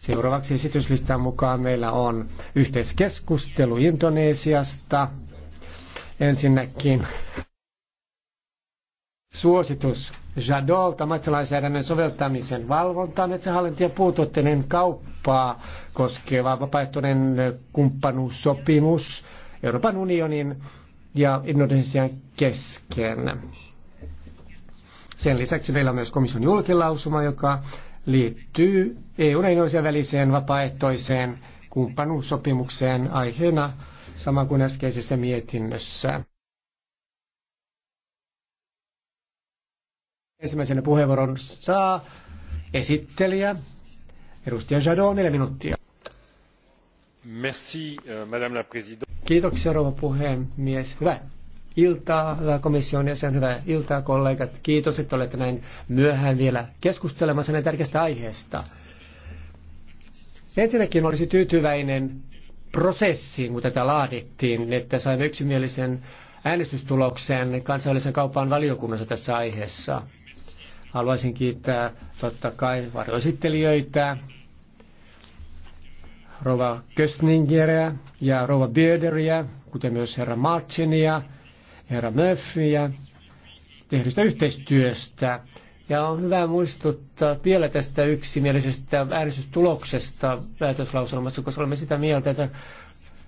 Seuraavaksi esityslistan mukaan meillä on yhteiskeskustelu Indonesiasta. Ensinnäkin suositus Jadolta metsälainsäädännön soveltamisen valvontaa, metsähallinta ja puutuotteiden kauppaa koskeva vapaaehtoinen kumppanuussopimus Euroopan unionin ja Indonesian kesken. Sen lisäksi meillä on myös komission julkilausuma, joka liittyy EUn ja väliseen vapaaehtoiseen kumppanuussopimukseen aiheena sama kuin äskeisessä mietinnössä. Ensimmäisenä puheenvuoron saa esittelijä, edustaja Jadot, neljä minuuttia. Merci, euh, madame la Kiitoksia, rouva puhemies. Hyvä iltaa, hyvä komission jäsen, hyvää iltaa kollegat. Kiitos, että olette näin myöhään vielä keskustelemassa näin tärkeästä aiheesta. Ensinnäkin olisi tyytyväinen prosessiin, kun tätä laadittiin, että saimme yksimielisen äänestystuloksen kansainvälisen kaupan valiokunnassa tässä aiheessa. Haluaisin kiittää totta kai varjoesittelijöitä, Rova Köstningeriä ja Rova Bjöderiä, kuten myös herra Martinia, herra Murphyä tehdystä yhteistyöstä. Ja on hyvä muistuttaa vielä tästä yksimielisestä äänestystuloksesta päätöslauselmassa, koska olemme sitä mieltä, että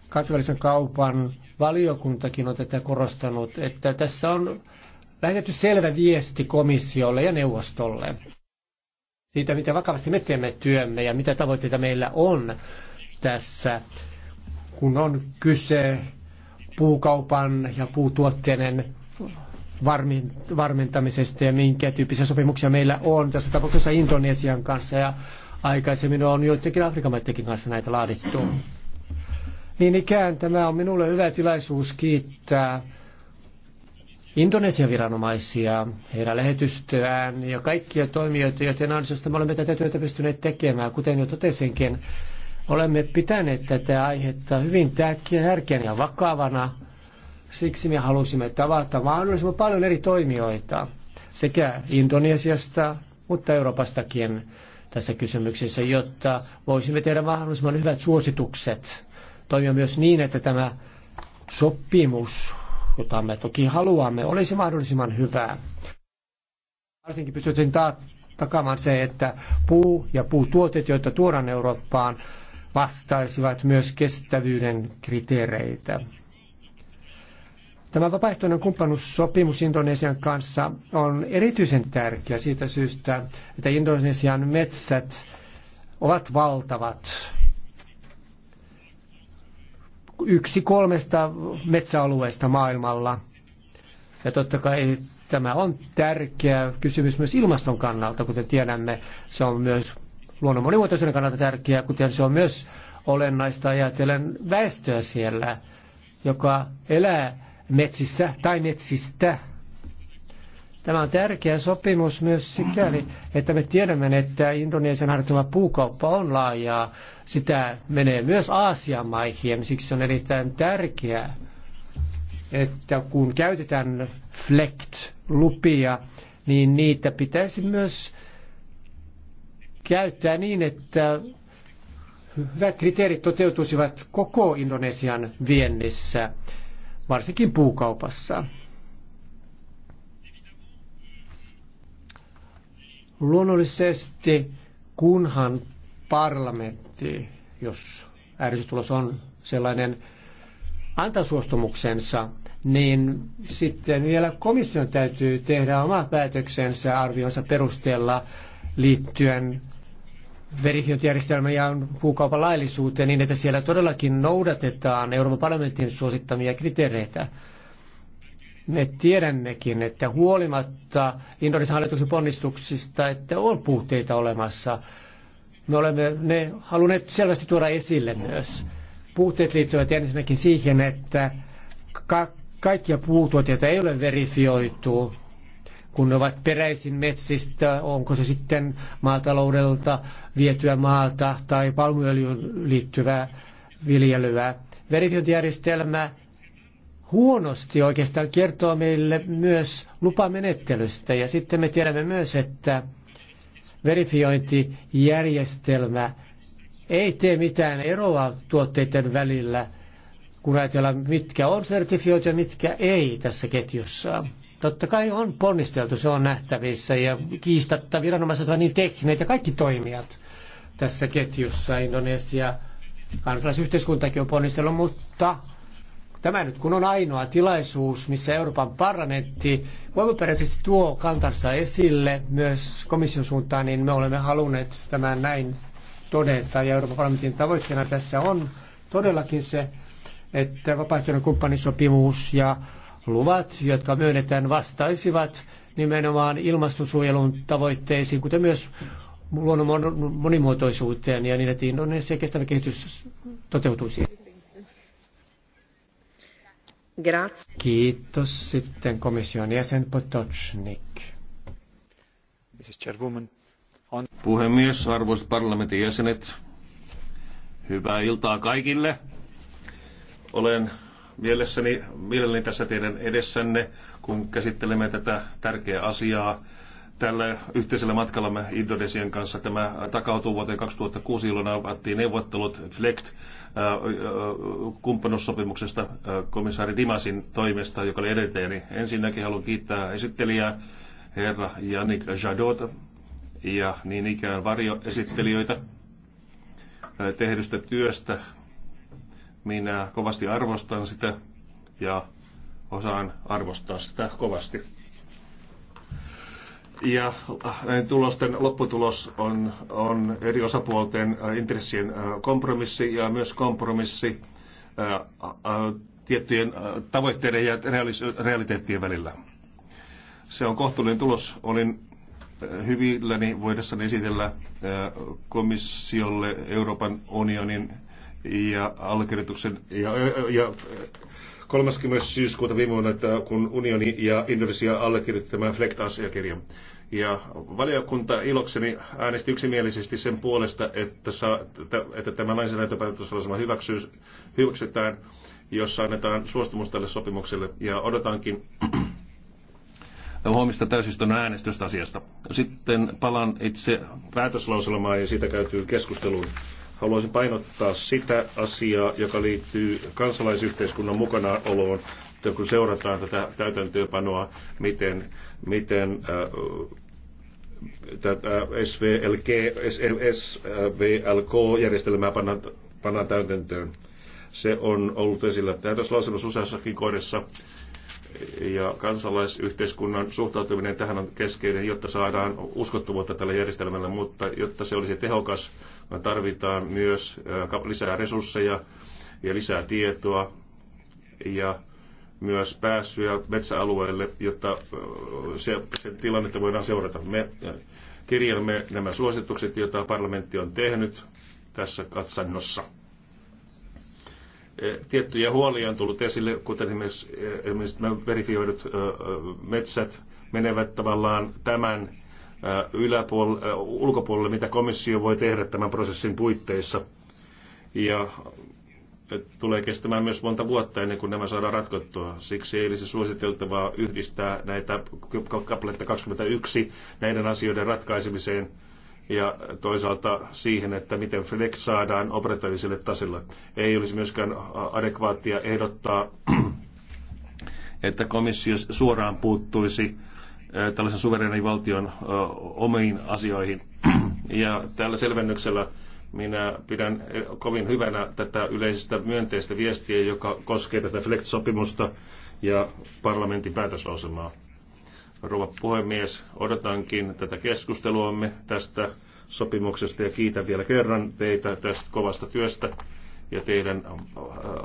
kansainvälisen kaupan valiokuntakin on tätä korostanut, että tässä on lähetetty selvä viesti komissiolle ja neuvostolle siitä, miten vakavasti me teemme työmme ja mitä tavoitteita meillä on tässä, kun on kyse puukaupan ja puutuotteiden varmentamisesta ja minkä tyyppisiä sopimuksia meillä on. Tässä tapauksessa Indonesian kanssa ja aikaisemmin on joidenkin Afrikan maidenkin kanssa näitä laadittu. Niin ikään tämä on minulle hyvä tilaisuus kiittää Indonesian viranomaisia, heidän lähetystöään ja kaikkia toimijoita, joiden ansiosta me olemme tätä työtä pystyneet tekemään, kuten jo totesinkin Olemme pitäneet tätä aihetta hyvin tärkeänä ja vakavana. Siksi me halusimme tavata mahdollisimman paljon eri toimijoita sekä Indonesiasta, mutta Euroopastakin tässä kysymyksessä, jotta voisimme tehdä mahdollisimman hyvät suositukset. Toimia myös niin, että tämä sopimus, jota me toki haluamme, olisi mahdollisimman hyvää. Varsinkin pystytään takaamaan se, että puu ja puutuotet, joita tuodaan Eurooppaan, vastaisivat myös kestävyyden kriteereitä. Tämä vapaaehtoinen kumppanuussopimus Indonesian kanssa on erityisen tärkeä siitä syystä, että Indonesian metsät ovat valtavat. Yksi kolmesta metsäalueesta maailmalla. Ja totta kai tämä on tärkeä kysymys myös ilmaston kannalta, kuten tiedämme. Se on myös luonnon monimuotoisuuden kannalta tärkeää, kuten se on myös olennaista ajatellen väestöä siellä, joka elää metsissä tai metsistä. Tämä on tärkeä sopimus myös sikäli, että me tiedämme, että Indonesian harjoittama puukauppa on laajaa. Sitä menee myös Aasian maihin, siksi on erittäin tärkeää, että kun käytetään FLECT-lupia, niin niitä pitäisi myös käyttää niin, että hyvät kriteerit toteutuisivat koko Indonesian viennissä, varsinkin puukaupassa. Luonnollisesti, kunhan parlamentti, jos ääristystulos on sellainen, antaa suostumuksensa, niin sitten vielä komission täytyy tehdä oma päätöksensä arvionsa perusteella liittyen verifiointijärjestelmä ja puukaupan laillisuuteen niin, että siellä todellakin noudatetaan Euroopan parlamentin suosittamia kriteereitä. Me tiedämmekin, että huolimatta Indonesian hallituksen ponnistuksista, että on puutteita olemassa, me olemme ne halunneet selvästi tuoda esille myös. Puutteet liittyvät ensinnäkin siihen, että ka- kaikkia puutuotteita ei ole verifioitu kun ne ovat peräisin metsistä, onko se sitten maataloudelta vietyä maata tai palmuöljyyn liittyvää viljelyä. Verifiointijärjestelmä huonosti oikeastaan kertoo meille myös lupamenettelystä ja sitten me tiedämme myös, että verifiointijärjestelmä ei tee mitään eroa tuotteiden välillä, kun ajatellaan mitkä on sertifioitu ja mitkä ei tässä ketjussa. Totta kai on ponnisteltu, se on nähtävissä ja kiistatta viranomaiset ovat niin tehneet ja kaikki toimijat tässä ketjussa, Indonesia, kansalaisyhteiskuntakin on ponnistellut, mutta tämä nyt kun on ainoa tilaisuus, missä Euroopan parlamentti voimaperäisesti tuo kantansa esille myös komission suuntaan, niin me olemme halunneet tämän näin todeta. Ja Euroopan parlamentin tavoitteena tässä on todellakin se, että vapaaehtoinen kumppanisopimus ja luvat, jotka myönnetään, vastaisivat nimenomaan ilmastonsuojelun tavoitteisiin, kuten myös luonnon monimuotoisuuteen ja niin, että Indonesia niin, no, niin kestävä kehitys toteutuisi. Grazie. Kiitos. Sitten komission jäsen Potocnik. Puhemies, arvoisat parlamentin jäsenet, hyvää iltaa kaikille. Olen mielessäni, mielelläni tässä teidän edessänne, kun käsittelemme tätä tärkeää asiaa. Tällä yhteisellä matkallamme Indonesian kanssa tämä takautuu vuoteen 2006, jolloin avattiin neuvottelut FLECT äh, äh, kumppanuussopimuksesta äh, komissaari Dimasin toimesta, joka oli edeltäjäni. Ensinnäkin haluan kiittää esittelijää herra Janik Jadot ja niin ikään varjoesittelijöitä tehdystä työstä minä kovasti arvostan sitä ja osaan arvostaa sitä kovasti. Ja äh, näiden tulosten lopputulos on, on eri osapuolten äh, intressien äh, kompromissi ja myös kompromissi tiettyjen tavoitteiden ja realiteettien välillä. Se on kohtuullinen tulos. Olin hyvilläni voidessani esitellä komissiolle Euroopan unionin ja allekirjoituksen ja, ja 30. syyskuuta viime vuonna, että kun unioni ja Indonesia allekirjoittivat tämän FLECT-asiakirjan. Ja valiokunta ilokseni äänesti yksimielisesti sen puolesta, että, saa, että tämä lainsäädäntöpäätöslausuma hyväksytään, jossa annetaan suostumus tälle sopimukselle. Ja odotankin huomista täysistunnon äänestystä asiasta. Sitten palaan itse päätöslauselmaan ja siitä käytyy keskusteluun haluaisin painottaa sitä asiaa, joka liittyy kansalaisyhteiskunnan mukanaoloon, kun seurataan tätä täytäntöönpanoa, miten, miten äh, tätä SVLK, SVLK-järjestelmää pannaan, pannaan täytäntöön. Se on ollut esillä päätöslausunnossa useassakin kohdassa ja kansalaisyhteiskunnan suhtautuminen tähän on keskeinen, jotta saadaan uskottavuutta tällä järjestelmällä, mutta jotta se olisi tehokas, tarvitaan myös lisää resursseja ja lisää tietoa ja myös pääsyä metsäalueelle, jotta se, sen tilannetta voidaan seurata. Me kirjelmme nämä suositukset, joita parlamentti on tehnyt tässä katsannossa. E, tiettyjä huolia on tullut esille, kuten esimerkiksi, e, esimerkiksi verifioidut metsät menevät tavallaan tämän yläpuolelle, ulkopuolelle, mitä komissio voi tehdä tämän prosessin puitteissa. Ja tulee kestämään myös monta vuotta ennen kuin nämä saadaan ratkottua. Siksi ei olisi suositeltavaa yhdistää näitä kappaletta 21 näiden asioiden ratkaisemiseen ja toisaalta siihen, että miten Flex saadaan operatiiviselle tasolle. Ei olisi myöskään adekvaattia ehdottaa, että komissio suoraan puuttuisi Äh, tällaisen suverenin valtion äh, omiin asioihin. Ja tällä selvennyksellä minä pidän äh, kovin hyvänä tätä yleisistä myönteistä viestiä, joka koskee tätä FLECT-sopimusta ja parlamentin päätöslausemaa. Rouva puhemies, odotankin tätä keskusteluamme tästä sopimuksesta ja kiitän vielä kerran teitä tästä kovasta työstä ja teidän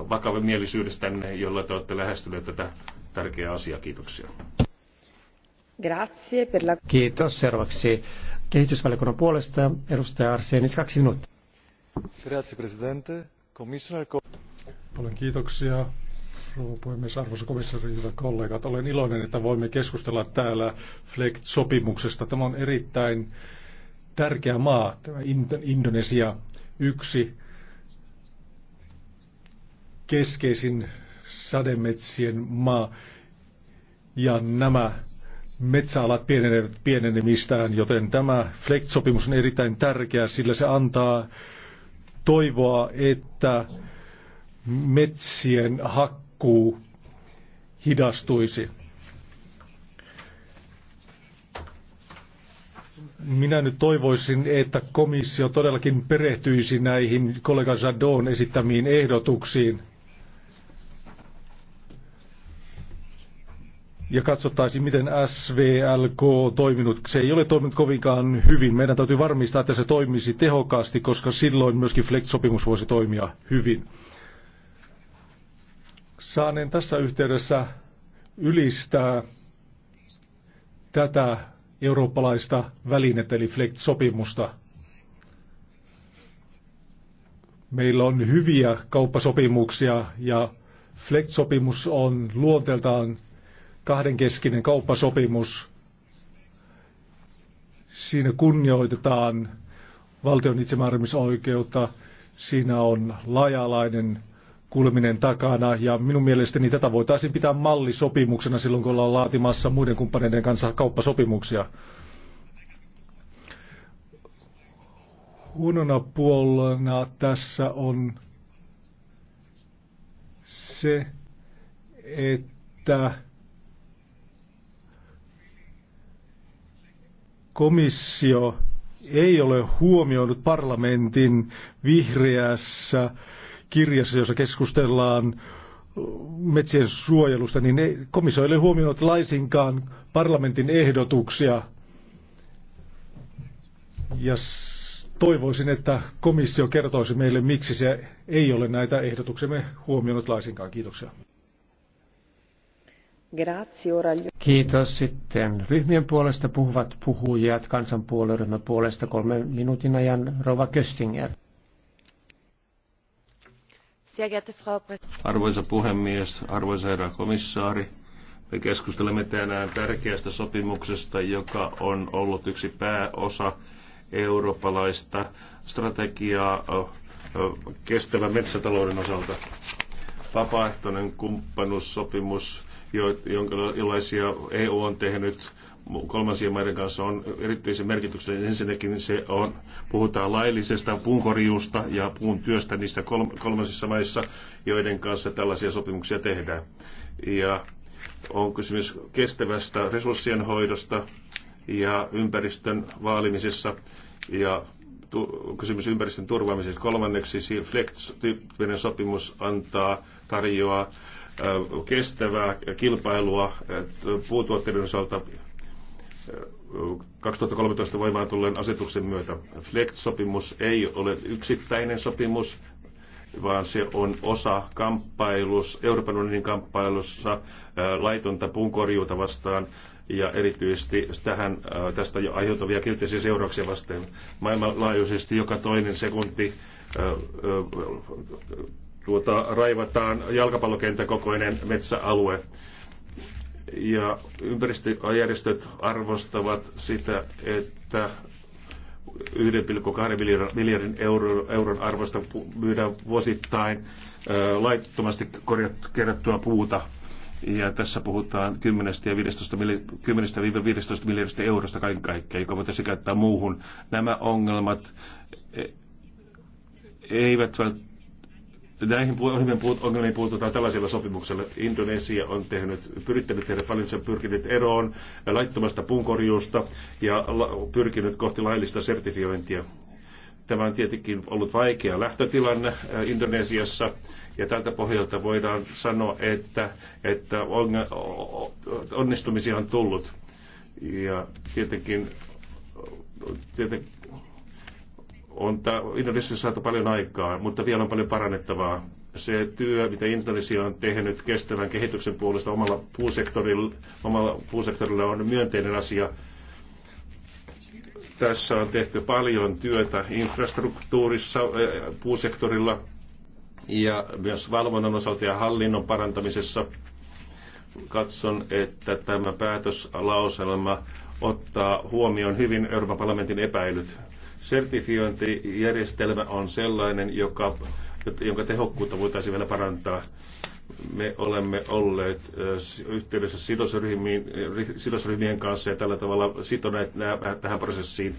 vakavamielisyydestänne, jolla te olette lähestyneet tätä tärkeää asiaa. Kiitoksia. Kiitos. Seuraavaksi kehitysvaliokunnan puolesta edustaja Arsenis, kaksi minuuttia. Grazie, presidente. Commissioner... Paljon kiitoksia, rouva puhemies, arvoisa komissaari, hyvät kollegat. Olen iloinen, että voimme keskustella täällä FLECT-sopimuksesta. Tämä on erittäin tärkeä maa, tämä Indonesia, yksi keskeisin sademetsien maa. Ja nämä metsäalat pienenevät pienenemistään, joten tämä FLECT-sopimus on erittäin tärkeä, sillä se antaa toivoa, että metsien hakkuu hidastuisi. Minä nyt toivoisin, että komissio todellakin perehtyisi näihin kollega Jadon esittämiin ehdotuksiin – ja katsottaisiin, miten SVLK on toiminut. Se ei ole toiminut kovinkaan hyvin. Meidän täytyy varmistaa, että se toimisi tehokkaasti, koska silloin myöskin Flex-sopimus voisi toimia hyvin. Saaneen tässä yhteydessä ylistää tätä eurooppalaista välinettä, eli flex sopimusta Meillä on hyviä kauppasopimuksia ja flex sopimus on luonteeltaan kahdenkeskinen kauppasopimus. Siinä kunnioitetaan valtion itsemääräämisoikeutta. Siinä on laajalainen kulminen takana ja minun mielestäni tätä voitaisiin pitää mallisopimuksena silloin, kun ollaan laatimassa muiden kumppaneiden kanssa kauppasopimuksia. Huonona puolena tässä on se, että komissio ei ole huomioinut parlamentin vihreässä kirjassa, jossa keskustellaan metsien suojelusta, niin ei, komissio ei ole huomioinut laisinkaan parlamentin ehdotuksia. Ja toivoisin, että komissio kertoisi meille, miksi se ei ole näitä ehdotuksemme huomioinut laisinkaan. Kiitoksia. Kiitos sitten ryhmien puolesta puhuvat puhujat kansanpuolueryhmän puolesta kolme minuutin ajan Rova Köstinger. Arvoisa puhemies, arvoisa herra komissaari, me keskustelemme tänään tärkeästä sopimuksesta, joka on ollut yksi pääosa eurooppalaista strategiaa kestävän metsätalouden osalta. Vapaaehtoinen kumppanuussopimus jonkinlaisia EU on tehnyt kolmansien maiden kanssa on erityisen merkityksellinen. Ensinnäkin se on, puhutaan laillisesta puunkorjuusta ja puun työstä niissä kolmansissa maissa, joiden kanssa tällaisia sopimuksia tehdään. Ja on kysymys kestävästä resurssien hoidosta ja ympäristön vaalimisessa ja kysymys ympäristön turvaamisesta. Kolmanneksi FLEX-tyyppinen sopimus antaa, tarjoaa kestävää kilpailua puutuotteiden osalta 2013 voimaan tulleen asetuksen myötä. FLECT-sopimus ei ole yksittäinen sopimus, vaan se on osa kamppailussa, Euroopan unionin kamppailussa laitonta puunkorjuuta vastaan ja erityisesti tähän, tästä jo aiheutuvia kielteisiä seurauksia vastaan. Maailmanlaajuisesti joka toinen sekunti tuota, raivataan jalkapallokentän kokoinen metsäalue. Ja ympäristöjärjestöt arvostavat sitä, että 1,2 miljardin euron, euron arvosta myydään vuosittain laittomasti kerättyä puuta. Ja tässä puhutaan 10-15 miljardista eurosta kaiken kaikkiaan, joka voitaisiin käyttää muuhun. Nämä ongelmat e- eivät välttämättä näihin ongelmiin, ongelmiin puututaan tällaisilla sopimuksella. Indonesia on tehnyt, pyrittänyt tehdä paljon, se on pyrkinyt eroon laittomasta punkorjuusta ja pyrkinyt kohti laillista sertifiointia. Tämä on tietenkin ollut vaikea lähtötilanne äh, Indonesiassa ja tältä pohjalta voidaan sanoa, että, että onnistumisia on tullut. Ja tietenkin, tietenkin on Indonesiassa saatu paljon aikaa, mutta vielä on paljon parannettavaa. Se työ, mitä Indonesia on tehnyt kestävän kehityksen puolesta omalla puusektorilla, omalla puusektorilla on myönteinen asia. Tässä on tehty paljon työtä infrastruktuurissa puusektorilla ja myös valvonnan osalta ja hallinnon parantamisessa. Katson, että tämä päätöslauselma ottaa huomioon hyvin Euroopan parlamentin epäilyt Sertifiointijärjestelmä on sellainen, joka, jonka tehokkuutta voitaisiin vielä parantaa. Me olemme olleet yhteydessä sidosryhmien kanssa ja tällä tavalla sitoneet nämä, tähän prosessiin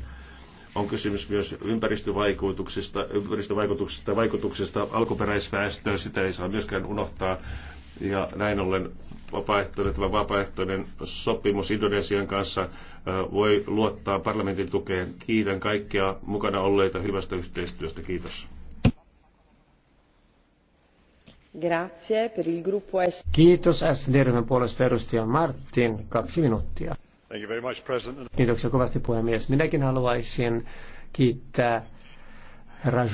on kysymys myös ympäristövaikutuksista, ympäristövaikutuksista, vaikutuksista alkuperäisväestöön, sitä ei saa myöskään unohtaa. Ja näin ollen vapaaehtoinen, tämä vapaaehtoinen sopimus Indonesian kanssa voi luottaa parlamentin tukeen. Kiitän kaikkia mukana olleita hyvästä yhteistyöstä. Kiitos. Kiitos SDRn puolesta edustaja Martin. Kaksi minuuttia. Thank you very much, President. Kiitoksia kovasti puhemies. Minäkin haluaisin kiittää herra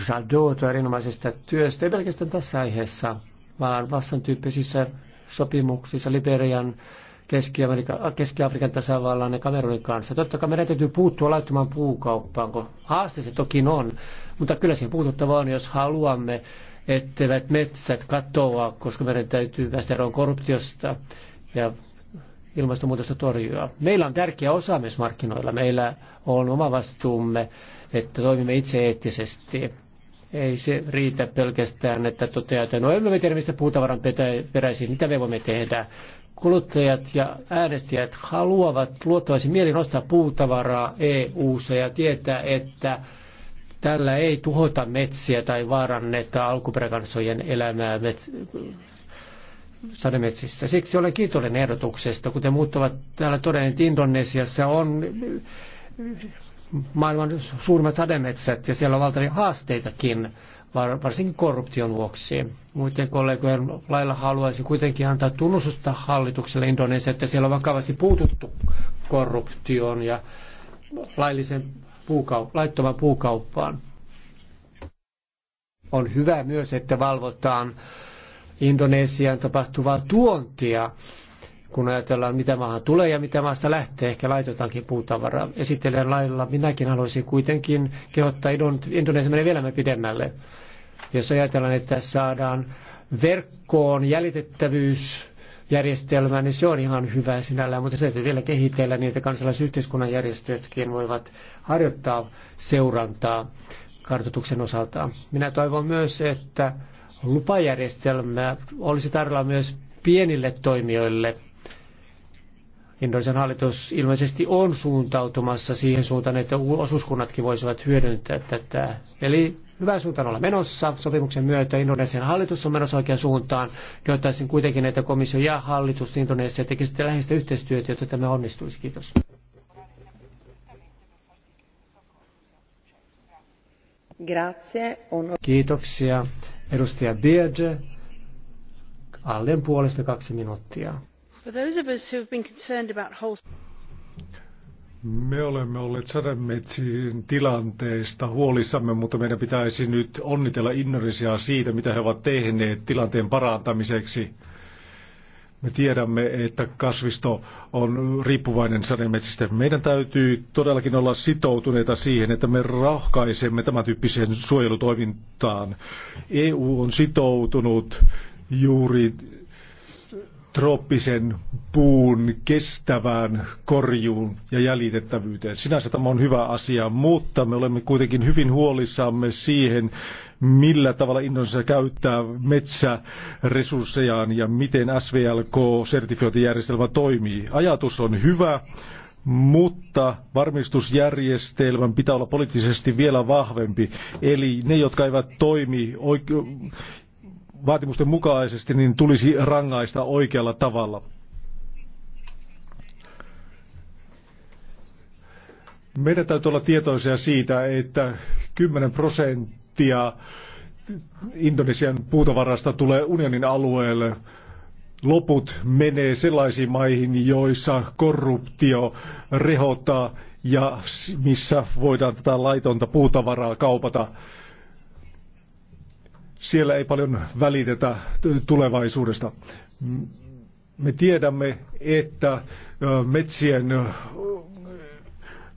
erinomaisesta työstä, ei pelkästään tässä aiheessa, vaan vastan tyyppisissä sopimuksissa Liberian, Keski-Afrikan, keski tasavallan ja Kamerunin kanssa. Totta kai meidän täytyy puuttua laittomaan puukauppaan, kun haaste se toki on, mutta kyllä siihen puututtava on, jos haluamme, etteivät metsät katoa, koska meidän täytyy päästä eroon korruptiosta ja ilmastonmuutosta torjua. Meillä on tärkeä osaamismarkkinoilla. Meillä on oma vastuumme, että toimimme itse eettisesti. Ei se riitä pelkästään, että toteaa, että no emme me tiedä, mistä puutavaran peräisin, mitä me voimme tehdä. Kuluttajat ja äänestäjät haluavat luottavaisin mielin ostaa puutavaraa EU-ssa ja tietää, että tällä ei tuhota metsiä tai vaaranneta alkuperäkansojen elämää met- sademetsissä. Siksi olen kiitollinen ehdotuksesta. Kuten muut ovat täällä todenneet, Indonesiassa on maailman suurimmat sademetsät ja siellä on valtavia haasteitakin, varsinkin korruption vuoksi. Muiden kollegojen lailla haluaisin kuitenkin antaa tunnustusta hallitukselle Indonesia, että siellä on vakavasti puututtu korruptioon ja laillisen puukau- laittoman puukauppaan. On hyvä myös, että valvotaan Indonesian tapahtuvaa tuontia kun ajatellaan, mitä maahan tulee ja mitä maasta lähtee, ehkä laitotaankin puutavaraa. Esittelen lailla minäkin haluaisin kuitenkin kehottaa menee vielä pidemmälle. Jos ajatellaan, että saadaan verkkoon jäljitettävyys niin se on ihan hyvä sinällään, mutta se täytyy vielä kehitellä niin, että kansalaisyhteiskunnan järjestötkin voivat harjoittaa seurantaa kartoituksen osalta. Minä toivon myös, että lupajärjestelmä olisi tarjolla myös pienille toimijoille, Indonesian hallitus ilmeisesti on suuntautumassa siihen suuntaan, että osuuskunnatkin voisivat hyödyntää tätä. Eli hyvään suuntaan olla menossa. Sopimuksen myötä Indonesian hallitus on menossa oikeaan suuntaan. Kehottaisin kuitenkin, että komissio ja hallitus Indonesia tekisivät läheistä yhteistyötä, jotta tämä onnistuisi. Kiitos. Grazie. Kiitoksia. Edustaja Bierge, Allen puolesta kaksi minuuttia. Me olemme olleet sademetsien tilanteesta huolissamme, mutta meidän pitäisi nyt onnitella Indonesiaa siitä, mitä he ovat tehneet tilanteen parantamiseksi. Me tiedämme, että kasvisto on riippuvainen sademetsistä. Meidän täytyy todellakin olla sitoutuneita siihen, että me rahkaisemme tämän tyyppiseen suojelutoimintaan. EU on sitoutunut juuri trooppisen puun kestävään korjuun ja jäljitettävyyteen. Sinänsä tämä on hyvä asia, mutta me olemme kuitenkin hyvin huolissamme siihen, millä tavalla Indonesia käyttää metsäresurssejaan ja miten SVLK-sertifiointijärjestelmä toimii. Ajatus on hyvä, mutta varmistusjärjestelmän pitää olla poliittisesti vielä vahvempi. Eli ne, jotka eivät toimi vaatimusten mukaisesti, niin tulisi rangaista oikealla tavalla. Meidän täytyy olla tietoisia siitä, että 10 prosenttia Indonesian puutavarasta tulee unionin alueelle. Loput menee sellaisiin maihin, joissa korruptio rehottaa ja missä voidaan tätä laitonta puutavaraa kaupata siellä ei paljon välitetä tulevaisuudesta. Me tiedämme, että metsien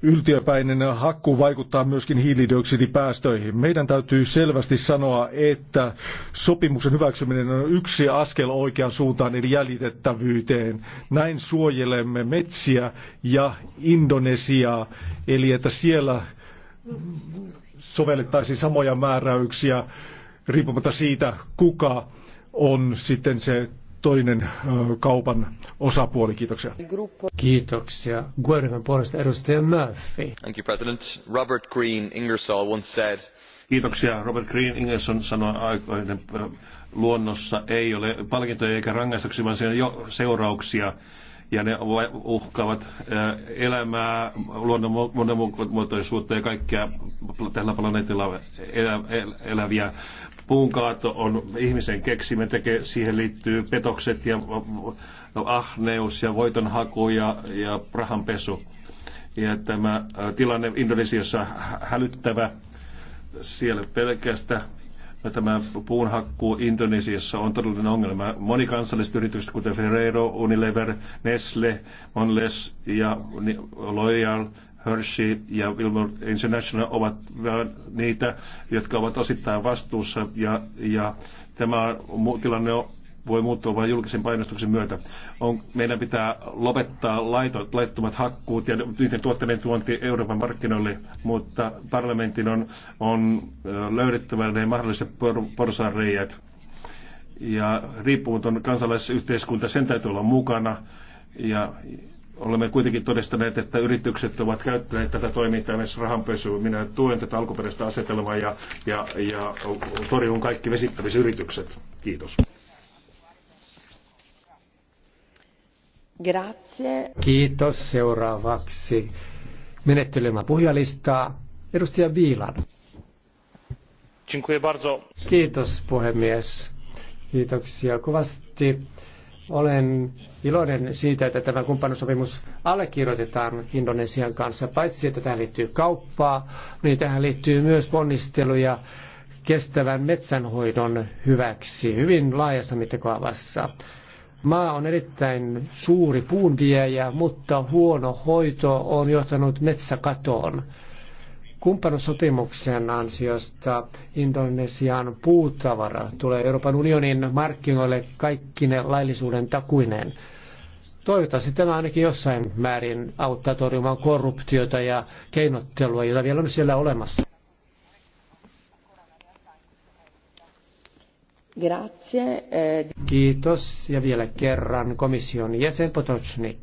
yltiöpäinen hakku vaikuttaa myöskin hiilidioksidipäästöihin. Meidän täytyy selvästi sanoa, että sopimuksen hyväksyminen on yksi askel oikeaan suuntaan eli jäljitettävyyteen. Näin suojelemme metsiä ja Indonesiaa, eli että siellä sovellettaisiin samoja määräyksiä riippumatta siitä, kuka on sitten se toinen kaupan osapuoli. Kiitoksia. Kiitoksia. Guerman puolesta edustaja Murphy. Thank you, President. Robert Green Ingersoll once said... Kiitoksia. Robert Green Ingersoll sanoi aikoinen luonnossa ei ole palkintoja eikä rangaistuksia, vaan siinä on jo seurauksia ja ne uhkaavat elämää, luonnon monimuotoisuutta ja kaikkia tällä planeetilla eläviä. Puunkaato on ihmisen keksimä, tekee, siihen liittyy petokset ja ahneus ja voitonhaku ja, ja rahanpesu. Ja tämä tilanne Indonesiassa hälyttävä siellä pelkästä no, tämä puunhakku Indonesiassa on todellinen ongelma. Monikansalliset yritykset, kuten Ferrero, Unilever, Nestle, Monles ja Loyal Hershey ja Wilmot International ovat niitä, jotka ovat osittain vastuussa ja, ja tämä tilanne on voi muuttua vain julkisen painostuksen myötä. On, meidän pitää lopettaa laitot, laittomat hakkuut ja niiden tuotteiden tuonti Euroopan markkinoille, mutta parlamentin on, on löydettävä ne mahdolliset por, porsaanreijät. Ja riippumaton kansalaisyhteiskunta, sen täytyy olla mukana. Ja, Olemme kuitenkin todistaneet, että yritykset ovat käyttäneet tätä toimintaa myös rahanpesuun. Minä tuen tätä alkuperäistä asetelmaa ja, ja, ja torjun kaikki vesittämisyritykset. Kiitos. Grazie. Kiitos. Seuraavaksi menettelemään puhujalistaa. Edustaja Viilan. Kiitos puhemies. Kiitoksia kovasti olen iloinen siitä, että tämä kumppanuussopimus allekirjoitetaan Indonesian kanssa. Paitsi, että tähän liittyy kauppaa, niin tähän liittyy myös ponnisteluja kestävän metsänhoidon hyväksi hyvin laajassa mittakaavassa. Maa on erittäin suuri puunviejä, mutta huono hoito on johtanut metsäkatoon kumppanussopimuksen ansiosta Indonesian puutavara tulee Euroopan unionin markkinoille kaikkine laillisuuden takuineen. Toivottavasti tämä ainakin jossain määrin auttaa torjumaan korruptiota ja keinottelua, jota vielä on siellä olemassa. Eh. Kiitos ja vielä kerran komission jäsen Potocnik.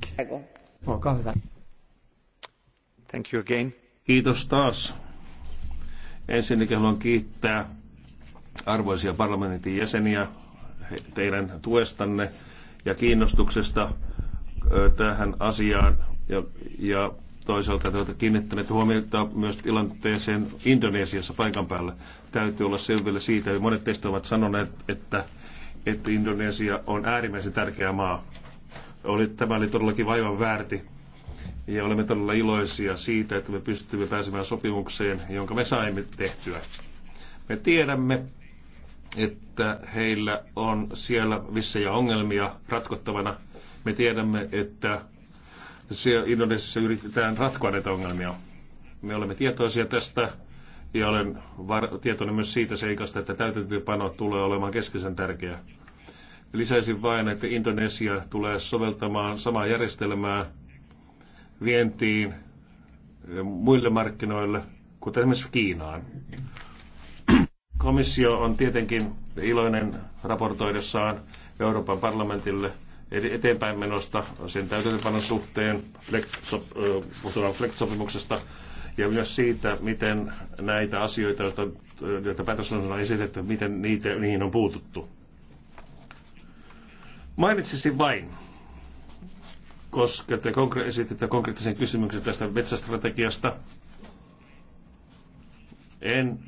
Olkaa hyvä. Thank you again. Kiitos taas. Ensinnäkin haluan kiittää arvoisia parlamentin jäseniä teidän tuestanne ja kiinnostuksesta tähän asiaan ja, ja toisaalta te olette kiinnittäneet huomiota myös tilanteeseen Indonesiassa paikan päällä. Täytyy olla selville siitä, että monet teistä ovat sanoneet, että, että Indonesia on äärimmäisen tärkeä maa. Oli, tämä oli todellakin vaivan väärti ja olemme todella iloisia siitä, että me pystymme pääsemään sopimukseen, jonka me saimme tehtyä. Me tiedämme, että heillä on siellä vissejä ongelmia ratkottavana. Me tiedämme, että siellä Indonesiassa yritetään ratkoa näitä ongelmia. Me olemme tietoisia tästä ja olen tietoinen myös siitä seikasta, että täytäntöönpano tulee olemaan keskeisen tärkeä. Lisäisin vain, että Indonesia tulee soveltamaan samaa järjestelmää vientiin muille markkinoille, kuten esimerkiksi Kiinaan. Komissio on tietenkin iloinen raportoidessaan Euroopan parlamentille eteenpäin menosta sen täytäntöpanon suhteen, FLEX-sopimuksesta ja myös siitä, miten näitä asioita, joita, joita päätösosana on esitetty, miten niitä, niihin on puututtu. Mainitsisin vain koska te esititte konkreettisen kysymyksen tästä metsästrategiasta. En,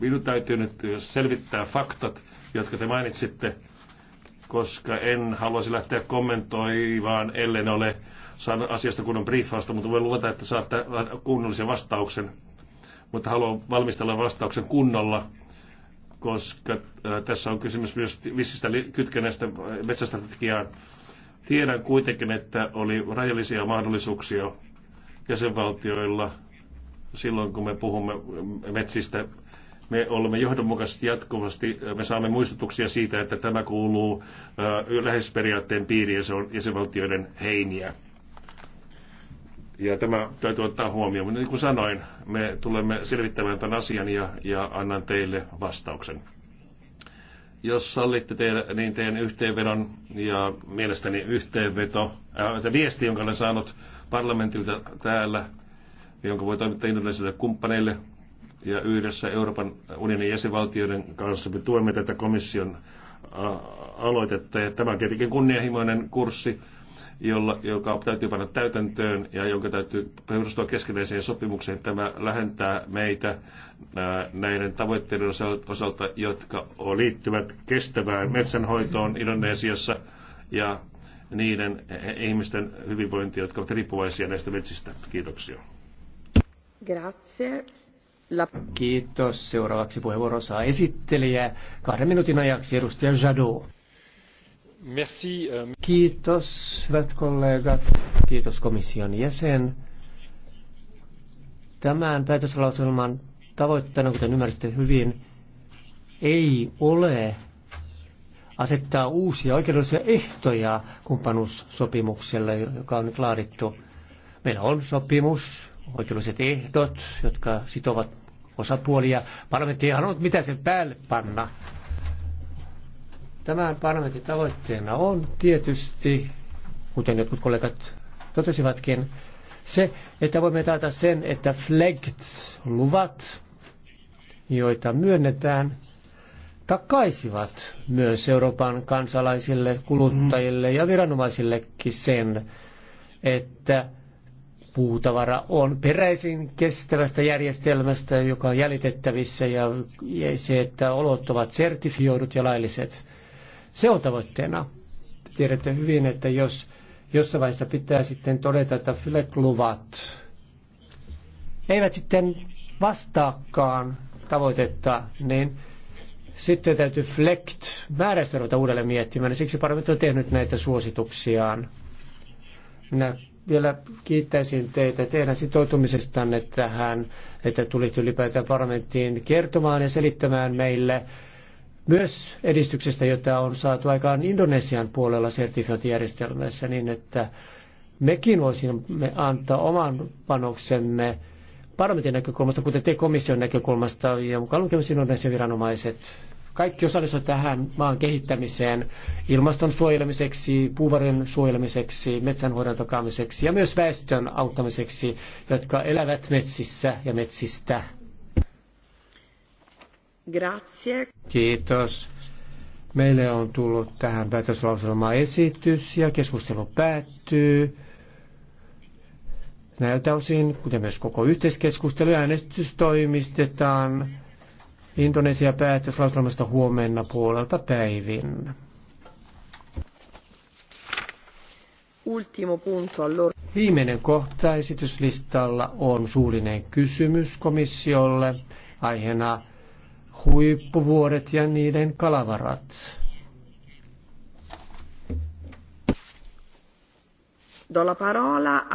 minun täytyy nyt selvittää faktat, jotka te mainitsitte, koska en haluaisi lähteä kommentoimaan, ellen ole saanut asiasta kunnon briefausta, mutta voin luota, että saatte kunnollisen vastauksen. Mutta haluan valmistella vastauksen kunnolla, koska tässä on kysymys myös vissistä kytkennästä metsästrategiaan. Tiedän kuitenkin, että oli rajallisia mahdollisuuksia jäsenvaltioilla silloin, kun me puhumme metsistä. Me olemme johdonmukaisesti jatkuvasti, me saamme muistutuksia siitä, että tämä kuuluu läheisperiaatteen piiriin ja se on jäsenvaltioiden heiniä. Ja tämä täytyy ottaa huomioon. Mutta niin kuin sanoin, me tulemme selvittämään tämän asian ja, ja annan teille vastauksen. Jos sallitte teille, niin teen yhteenvedon ja mielestäni yhteenveto, äh, viesti, jonka olen saanut parlamentilta täällä, jonka voi toimittaa indonesialaisille kumppaneille ja yhdessä Euroopan unionin jäsenvaltioiden kanssa me tuemme tätä komission äh, aloitetta. Ja tämä on tietenkin kunnianhimoinen kurssi, jolla, joka täytyy panna täytäntöön ja jonka täytyy perustua keskinäiseen sopimukseen. Tämä lähentää meitä näiden tavoitteiden osalta, jotka liittyvät kestävään metsänhoitoon Indonesiassa ja niiden ihmisten hyvinvointia, jotka ovat riippuvaisia näistä metsistä. Kiitoksia. Grazie. La... Kiitos. Seuraavaksi puheenvuoron saa esittelijä kahden minuutin ajaksi edustaja Jadot. Merci. Euh, Kiitos, hyvät kollegat. Kiitos komission jäsen. Tämän päätöslauselman tavoitteena, kuten ymmärsitte hyvin, ei ole asettaa uusia oikeudellisia ehtoja kumppanuussopimukselle, joka on nyt laadittu. Meillä on sopimus, oikeudelliset ehdot, jotka sitovat osapuolia. Parlamentti ei halunnut mitä sen päälle panna. Tämän parlamentin tavoitteena on tietysti, kuten jotkut kollegat totesivatkin, se, että voimme taata sen, että flagged luvat joita myönnetään, takaisivat myös Euroopan kansalaisille, kuluttajille ja viranomaisillekin sen, että puutavara on peräisin kestävästä järjestelmästä, joka on jäljitettävissä ja se, että olot ovat sertifioidut ja lailliset. Se on tavoitteena. Tiedätte hyvin, että jos jossain vaiheessa pitää sitten todeta, että FLEC-luvat eivät sitten vastaakaan tavoitetta, niin sitten täytyy flekt määrästä ruveta uudelleen miettimään. Siksi parlamentti on tehnyt näitä suosituksiaan. Minä vielä kiittäisin teitä teidän sitoutumisestanne tähän, että tulit ylipäätään parlamenttiin kertomaan ja selittämään meille, myös edistyksestä, jota on saatu aikaan Indonesian puolella sertifiointijärjestelmässä niin, että mekin voisimme antaa oman panoksemme parlamentin näkökulmasta, kuten te komission näkökulmasta ja mukaan lukemus Indonesian viranomaiset. Kaikki osallistuvat tähän maan kehittämiseen ilmaston suojelemiseksi, puuvarojen suojelemiseksi, metsänhoidon takaamiseksi ja myös väestön auttamiseksi, jotka elävät metsissä ja metsistä. Grazie. Kiitos. Meille on tullut tähän päätöslauselmaan esitys ja keskustelu päättyy. Näiltä osin, kuten myös koko yhteiskeskustelu, äänestys toimistetaan Indonesia päätöslauselmasta huomenna puolelta päivin. Ultimo punto allora. Viimeinen kohta esityslistalla on suullinen kysymys komissiolle aiheena huippuvuoret ja niiden kalavarat. Do la parola